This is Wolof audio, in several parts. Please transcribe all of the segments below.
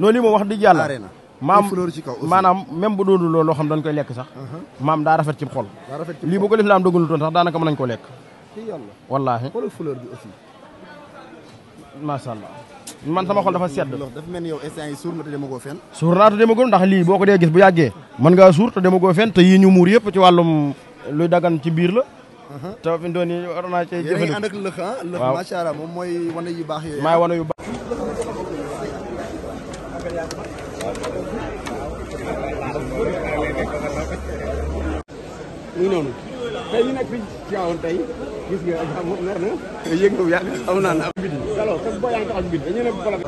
noonu yi moom wax dëgg yàlla maam maanaam même bu doonul loolu loo xam dañ koy lekk sax uh-huh. maam daa rafet ci xol lii bu ko lif la am dogalul toon sax daanaka nañ ko lekk wallaahi bi aussi macha allah man sama xol dafa sedd dafa mel ni yow instant yi suur nga te demagoo fenn suur naa te demagoo ndax lii boo ko dee gis bu yàggee mën ngaa suur te demagoo fenn te yii ñu muur yëpp ci wàllum luy dagan ci biir la uh-huh. te fi doon yi war a ngi ah? moom mooy wane yu baax yooyu maay wane yu muy noonu tey ñu nekk fii ci waawoon tey gis nga ak ah, moom nee na yëg nga yàgg am naa na am bidi alors que boo yaa ngi taxaw bidi dañu ne bala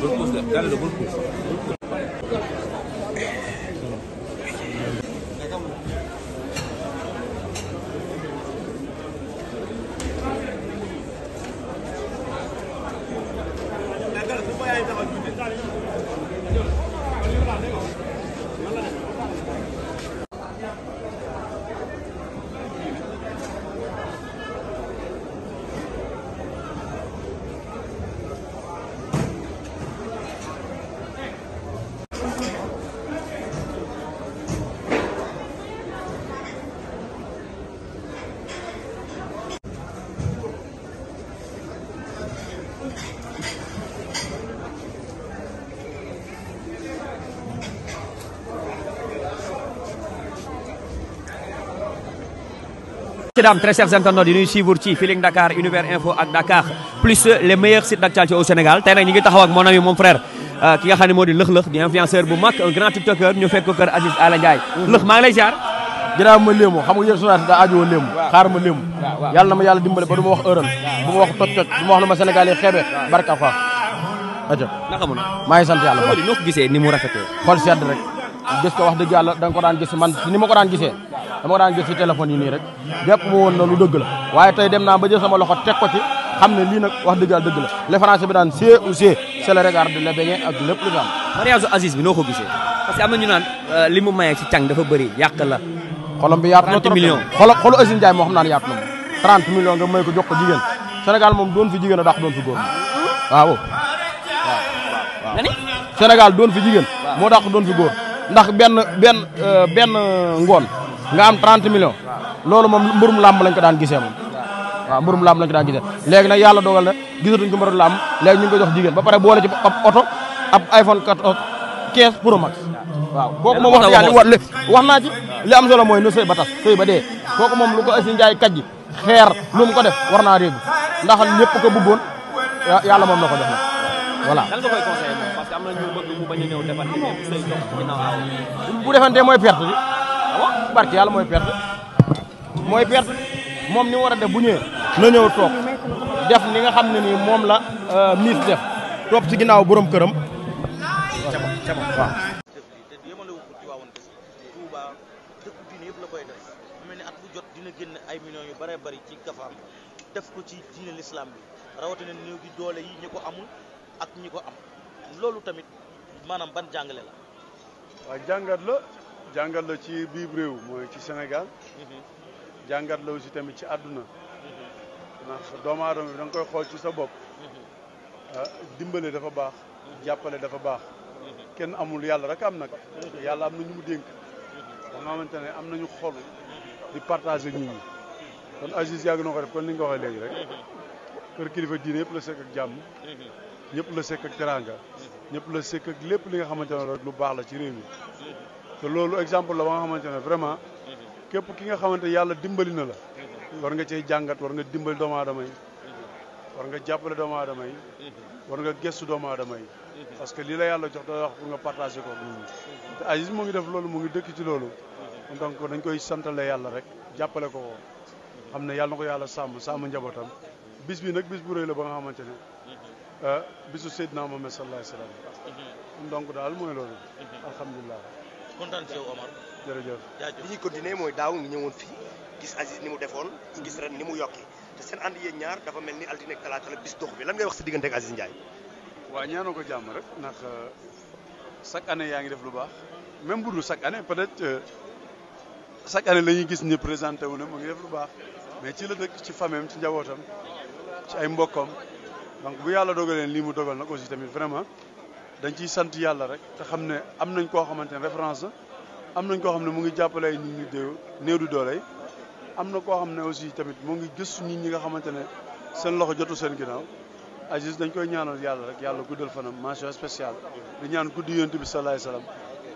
Bul push, dale, bul push. Messieurs, dames, très chers internautes yi ñuy suivre ci Feeling Dakar Univers Info ak Dakar plus les meilleurs sites d'actualité au Sénégal tey nag ñu ngi taxaw ak mon ami mon euh, ki nga xam moo di Lëx Lëx di influenceur bu mag un grand tiktoker ñu fekk ko kër Aziz Ala Ndiaye mhm. Lëx maa ngi lay ziar jërëjëf ma léemu xam nga yéen sonaté daa aajowoo léemu xaar ma léemu yàlla na ma yàlla dimbale ba du ma wax heural du ma wax toj toj du ma wax na ma Sénégal xeebe barka fa ajo dama ko daan jot si téléphone yi nii rek jàpp ma woon na lu dëgg la waaye tey dem naa ba jël sama loxo teg ko ci xam ne lii na wax dëggal yàlla dëgg la les français bi naan c'est ou c'est c'est le regard de la beñe ak lu daan mariage Aziz bi noo ko gisee parce que am ñu naan euh, li mu maye ci càng dafa bëri yàq la xolam bi yaatu na trop xolo xolu Aziz Ndiaye moo xam naa ne yaatu moom may ko jox ko jigéen Sénégal moom doon fi jigéen a dàq doon fi góor hmm? waaw waaw doon fi jigéen moo dàq doon fi góor ndax benn benn euh, benn ngoon nga am 30 millions loolu moom mburum làmb lañ ko daan gisee moom waaw mburum làmb lañ ko daan gisee léegi nag yàlla dogal na gisatuñ ko mbaru làmb léegi ñu ngi ko jox jigéen ba pare boole ci ab oto ab iPhone 14 15 Pro Max waaw kooku moom wax naa ci li am solo mooy nu sëy ba tas sëy ba dee moom lu ko asi njaay kajji xeer lu mu ko def war naa réegu ndax ñëpp ko bëggoon yàlla moom la ko jox na voilà bu defante mooy perte bi barke yàlla mooy perte mooy perte moom ni mu war a def bu ñëwee na ñëw toog def ni nga xam ne ni moom la euh, miis def topp ci ginnaaw borom këram génn ay millions yu bare bari ci kafaam def ko ci diine l'islam bi rawatina néew gi doole yi ñi ko amul ak ñi ko am loolu tamit maanaam ban jàngale la jàngal la ci biir réew mooy ci Sénégal. Mhm. jàngat la aussi tamit ci àdduna. Mhm. ndax doomu aadama bi da koy xool ci sa bopp. Mhm. Ah dimbale dafa baax. jàppale dafa baax. kenn amul yàlla rek am nag. yàlla am na ñu mu dénk. ba nga xamante ne am nañu xol. di partager nit ñi. kon Aziz yàgg na ko def kon ko waxee léegi rek. kër kilifa diine yëpp la sekk ak jàmm. ñëpp la sekk ak teraanga. ñépp la sekk ak lépp li nga xamante rek lu baax la ci réew mi. te loolu exemple la ba xamante ne vraiment képp ki nga xamante yàlla dimbali na la war nga cey jàngat war nga dimbali doomu adama yi war nga jàppale doomu aadama yi war nga gëstu doomu adama yi parce que lii la yàlla jox da nga partager ko nit ñi te Aziz mu loolu mu ngi dëkk ci loolu donc dañ koy santale yàlla rek jàppale ko woon xam ne yàlla na ko yàlla sàmm sàmm njabootam bis bi nag bis bu rëy la ba nga xamante ne ah, bisu Seydina Muhammad sallallahu alayhi wa sallam donc daal mooy loolu kontaan ci yow Omar. jërëjëf jaajëf li ñuy continuer mooy daaw ngi ñëwoon fi gis Aziz ni mu defoon gis ren ni mu yokki te seen and yéen ñaar dafa mel ni altine ak talaata la bis dox bi lan ngay wax sa diggante ak Aziz Ndiaye. waa ñaanoo ko jàmm rek ndax euh, chaque année yaa ngi def lu baax même bu dul chaque année peut-être euh, chaque année la ñuy gis ni présenté wu ne mu ngi def lu baax mais ci la dëkk ci fameem ci njabootam ci ay mbokkam donc bu yàlla dogalee lii mu dogal nag aussi tamit vraiment. dañ ciy sant yàlla rek te xam ne am nañ koo xamante ne référence am nañ koo xam ne mu ngi jàppale ay nit ñu déew néew du doole yi am na koo xam ne aussi tamit mu ngi gëstu nit ñi nga xamante ne seen loxo jotu seen ginnaaw Aziz dañ koy ñaanal yàlla rek yàlla guddal fanam mention spéciale di ñaan guddi yonent bi sallallahu alayhi wasallam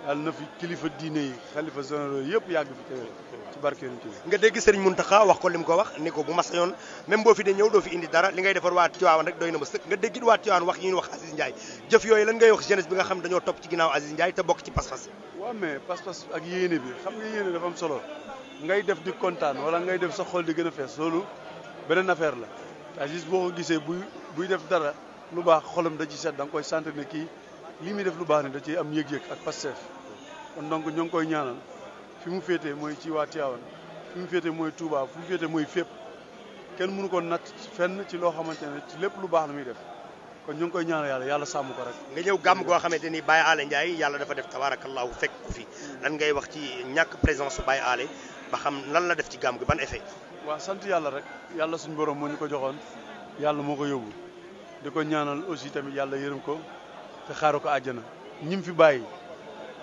yàlla na fi kilifa diine yi xalifa généraux yëpp yàgg fi teewee ci barke yonent bi nga dégg Serigne Mountakha wax ko li ko wax ni ko bu mas yoon même boo fi dee ñëw doo fi indi dara li ngay defar waa Tivaouane rek doy na ma sëkk nga déggit waa Tivaouane wax yi ñu wax Aziz Ndiaye jëf yooyu lan ngay wax jeunesse bi nga xam dañoo topp ci ginnaaw Aziz Ndiaye te bokk ci pas-pas waaw mais pas-pas ak yéene bi xam nga yéene dafa am solo ngay def di kontaan wala ngay def sa xol di gën a fees loolu beneen affaire la Aziz boo gisee buy buy def dara lu baax xolam da ci set da nga kii lii muy def lu baax ne da ci am yëg-yëg ak Pastef kon donc ñoo ngi koy ñaanal fi mu féetee mooy ci waa Tivaouane fi mu féete mooy Touba fi mu féetee mooy fépp kenn mënu ko natt fenn ci loo xamante ne ci lépp lu baax la muy def kon ñu ngi koy ñaanal yàlla yàlla sàmm ko rek nga ñëw gàmm goo xamante ni Baye Alé Ndiaye yàlla dafa def tabaarakallaahu fekk ku fi hmm. lan ngay wax ci ñàkk présence su Baye Alé ba xam lan la def ci gàmm gi ban effet waa sant yàlla rek yàlla suñu borom moo ñu ko joxoon yàlla moo ko yóbbu yàlla yërëm ko te xaaru ko àjjana ñim fi bàyyi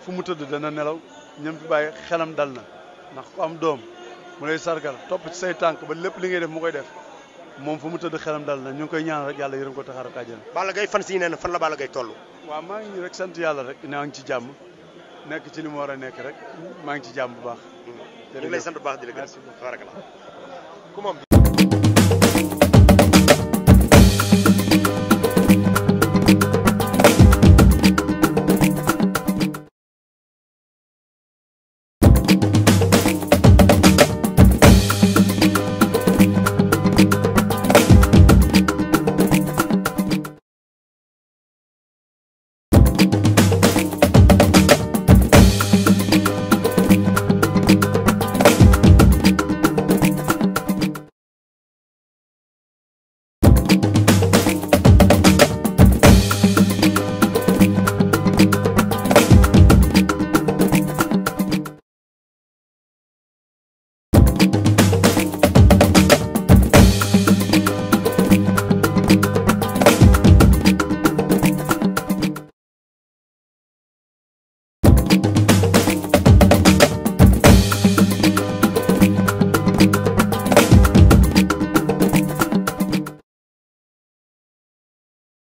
fu mu tëdd dana nelaw ñim fi bàyyi xelam dal na ndax ku am doom mu lay sargal topp ci say tànk ba lépp li ngay def mu koy def moom fu mu tëdd xelam dal na ñu ngi koy ñaan rek yàlla yërëm ko te xaaru ko àjjana. Balla Gaye fan si nee fan la Balla Gaye toll. waaw maa ngi rek sant yàlla rek naa ngi ci jàmm nekk ci li mu war a nekk rek maa ngi ci jàmm bu baax. jërëjëf mm. ñu ngi lay sant bu baax di la gërëm. merci beaucoup